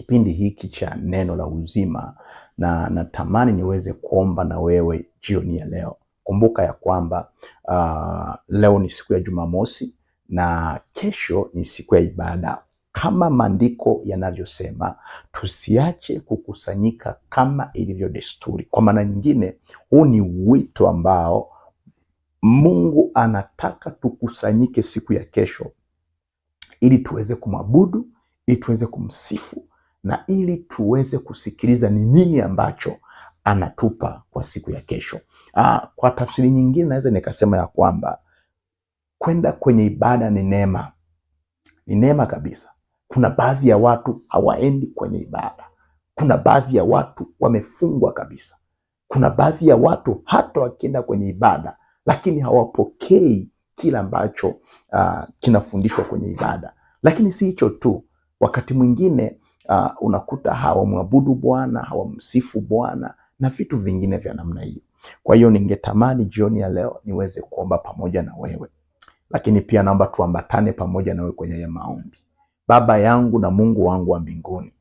kipindi hiki cha neno la uzima, na natamani niweze kuomba na wewe jioni ya leo. Kumbuka ya kwamba uh, leo ni siku ya Jumamosi na kesho ni siku ya ibada kama maandiko yanavyosema, tusiache kukusanyika kama ilivyo desturi. Kwa maana nyingine, huu ni wito ambao Mungu anataka tukusanyike siku ya kesho, ili tuweze kumwabudu, ili tuweze kumsifu, na ili tuweze kusikiliza ni nini ambacho anatupa kwa siku ya kesho. Aa, ah, kwa tafsiri nyingine naweza nikasema ya kwamba kwenda kwenye ibada ni neema, ni neema kabisa. Kuna baadhi ya watu hawaendi kwenye ibada, kuna baadhi ya watu wamefungwa kabisa, kuna baadhi ya watu hata wakienda kwenye ibada lakini hawapokei kile ambacho uh, kinafundishwa kwenye ibada. Lakini si hicho tu, wakati mwingine uh, unakuta hawamwabudu Bwana, hawamsifu Bwana na vitu vingine vya namna hiyo. Kwa hiyo ningetamani jioni ya leo niweze kuomba pamoja na wewe, lakini pia naomba tuambatane pamoja wewe kwenye ya maombi. Baba yangu na Mungu wangu wa mbinguni,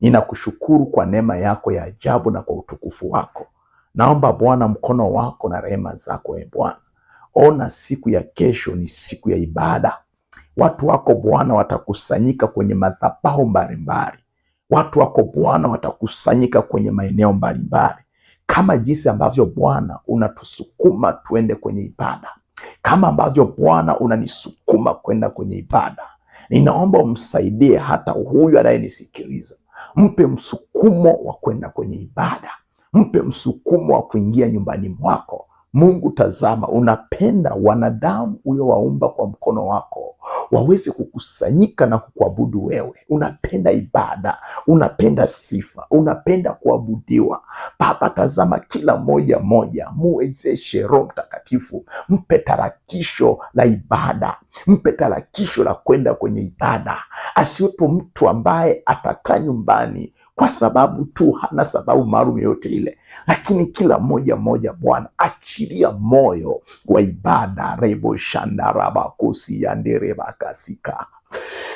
ninakushukuru kwa neema yako ya ajabu na kwa utukufu wako. Naomba Bwana, mkono wako na rehema zako, e Bwana, ona siku ya kesho ni siku ya ibada. Watu wako Bwana watakusanyika kwenye madhabahu mbalimbali Watu wako Bwana watakusanyika kwenye maeneo mbalimbali, kama jinsi ambavyo Bwana unatusukuma tuende kwenye ibada, kama ambavyo Bwana unanisukuma kwenda kwenye ibada. Ninaomba umsaidie hata huyu anayenisikiliza, mpe msukumo wa kwenda kwenye ibada, mpe msukumo wa kuingia nyumbani mwako. Mungu, tazama, unapenda wanadamu uliowaumba kwa mkono wako waweze kukusanyika na kukuabudu wewe. Unapenda ibada, unapenda sifa, unapenda kuabudiwa. Baba, tazama kila moja moja, muwezeshe Roho Mtakatifu, mpe tarakisho la ibada, mpe tarakisho la kwenda kwenye ibada. Asiwepo mtu ambaye atakaa nyumbani kwa sababu tu hana sababu maalum yoyote ile, lakini kila moja moja, Bwana, achilia moyo wa ibada. rebo shandaraba kusi yandereba wanatakasika.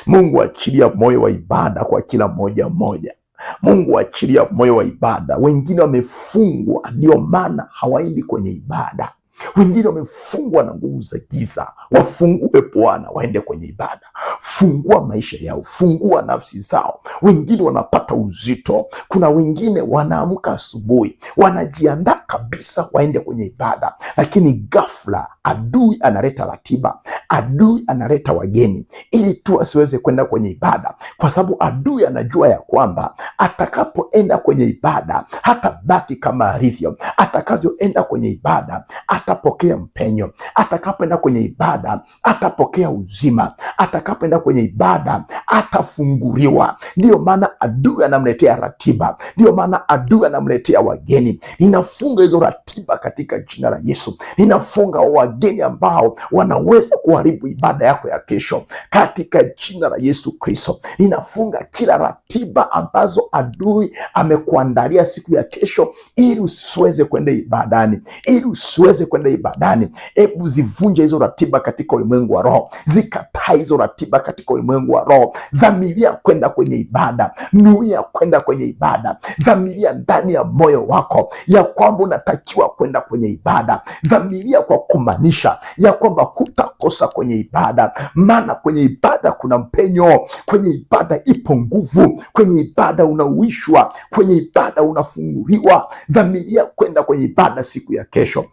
Mungu achilia moyo wa ibada kwa kila mmoja mmoja. Mungu achilia moyo wa ibada. Wengine wamefungwa, ndio maana hawaendi kwenye ibada. Wengine wamefungwa na nguvu za giza, wafungue Bwana, waende kwenye ibada. Fungua maisha yao, fungua nafsi zao. Wengine wanapata uzito, kuna wengine wanaamka asubuhi, wanajiandaa kabisa waende kwenye ibada, lakini ghafla adui analeta ratiba, adui analeta wageni ili tu asiweze kwenda kwenye ibada, kwa sababu adui anajua ya kwamba atakapoenda kwenye ibada hata baki kama alivyo, atakavyoenda kwenye ibada atapokea mpenyo. Atakapoenda kwenye ibada atapokea uzima. Atakapoenda kwenye ibada atafunguliwa. Ndiyo maana adui anamletea ratiba, ndiyo maana adui anamletea wageni. Ninafunga hizo ratiba katika jina la Yesu. Ninafunga wageni ambao wanaweza kuharibu ibada yako ya kesho katika jina la Yesu Kristo. Ninafunga kila ratiba ambazo adui amekuandalia siku ya kesho, ili usiweze kwenda ibadani, ili usiweze kwenda ibadani. Hebu zivunje hizo ratiba katika ulimwengu wa roho, zikataa hizo ratiba katika ulimwengu wa roho, Dhamiria kwenda kwenye ibada, nuia kwenda kwenye ibada, dhamiria ndani ya moyo wako ya kwamba unatakiwa kwenda kwenye ibada, dhamiria kwa kumaanisha ya kwamba hutakosa kwenye ibada, maana kwenye ibada kuna mpenyo, kwenye ibada ipo nguvu, kwenye ibada unauishwa, kwenye ibada unafunguliwa. Dhamiria kwenda kwenye ibada siku ya kesho.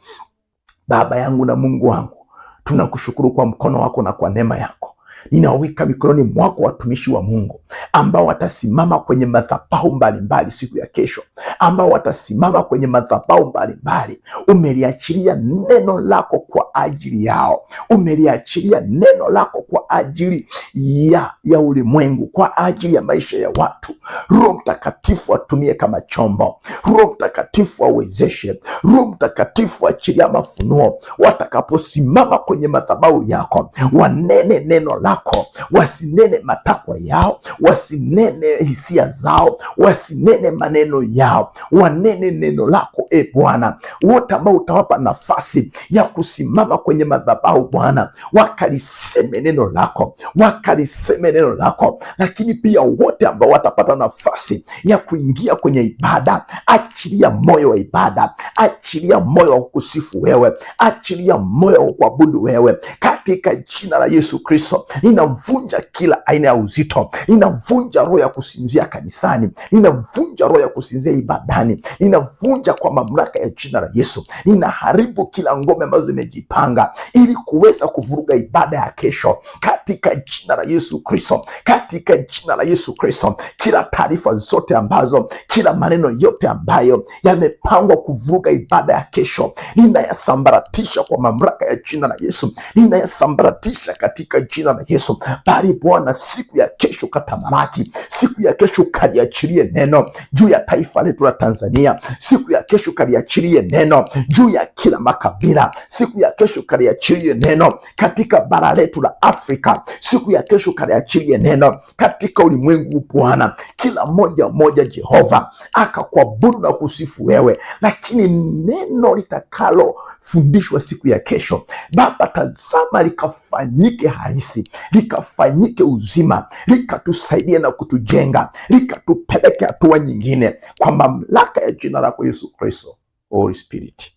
Baba yangu na Mungu wangu, tunakushukuru kwa mkono wako na kwa neema yako ninawaweka mikononi mwako watumishi wa Mungu ambao watasimama kwenye madhabahu mbalimbali siku ya kesho, ambao watasimama kwenye madhabahu mbalimbali. Umeliachilia neno lako kwa ajili yao, umeliachilia neno lako kwa ajili ya, ya ulimwengu, kwa ajili ya maisha ya watu. Roho Mtakatifu atumie kama chombo, Roho Mtakatifu awezeshe, Roho Mtakatifu achilia mafunuo, watakaposimama kwenye madhabahu yako wanene neno lako, wasinene matakwa yao, wasinene hisia zao, wasinene maneno yao, wanene neno lako e Bwana. Wote ambao utawapa nafasi ya kusimama kwenye madhabahu Bwana, wakaliseme neno lako, wakaliseme neno lako, lakini pia wote ambao watapata nafasi ya kuingia kwenye ibada, achilia moyo wa ibada, achilia moyo wa kusifu wewe, achilia moyo wa kuabudu wewe Ka katika jina la Yesu Kristo. Ninavunja kila aina ya uzito, ninavunja roho ya kusinzia kanisani, ninavunja roho ya kusinzia ibadani, ninavunja kwa mamlaka ya jina la Yesu. Ninaharibu kila ngome ambazo zimejipanga ili kuweza kuvuruga ibada ya kesho katika jina la Yesu Kristo, katika jina la Yesu Kristo. Kila taarifa zote ambazo, kila maneno yote ambayo yamepangwa kuvuruga ibada ya kesho ninayasambaratisha kwa mamlaka ya jina la Yesu. Ninaya ninasambaratisha katika jina la Yesu. Bali Bwana, siku ya kesho katamarati siku ya kesho kaliachilie neno juu ya taifa letu la Tanzania, siku ya kesho kaliachilie neno juu ya kila makabila, siku ya kesho kaliachilie neno katika bara letu la Afrika, siku ya kesho kaliachilie neno katika ulimwengu. Bwana, kila moja moja, Jehova, akakuabudu na kusifu wewe, lakini neno litakalofundishwa siku ya kesho, Baba, tazama kwamba likafanyike halisi, likafanyike uzima, likatusaidia na kutujenga, likatupeleke hatua nyingine, kwa mamlaka ya jina lako Yesu Kristo. Holy Spirit,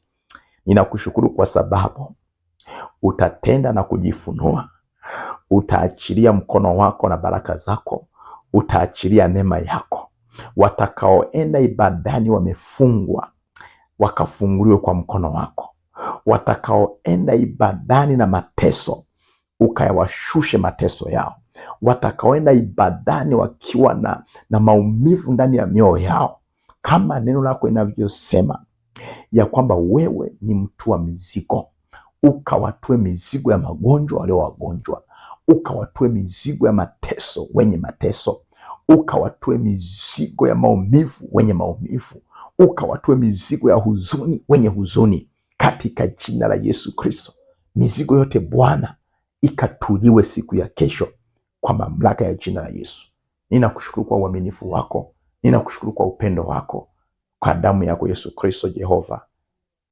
ninakushukuru kwa sababu utatenda na kujifunua, utaachilia mkono wako na baraka zako, utaachilia neema yako. Watakaoenda ibadani wamefungwa, wakafunguliwe kwa mkono wako watakaoenda ibadani na mateso ukayawashushe mateso yao, watakaoenda ibadani wakiwa na, na maumivu ndani ya mioyo yao, kama neno lako inavyosema ya kwamba wewe ni mtu wa mizigo, ukawatue mizigo ya magonjwa walio wagonjwa, ukawatue mizigo ya mateso wenye mateso, ukawatue mizigo ya maumivu wenye maumivu, ukawatue mizigo ya huzuni wenye huzuni katika jina la Yesu Kristo. Mizigo yote Bwana ikatuliwe siku ya kesho kwa mamlaka ya jina la Yesu. Ninakushukuru kwa uaminifu wako, ninakushukuru kwa upendo wako, kwa damu yako Yesu Kristo Jehova.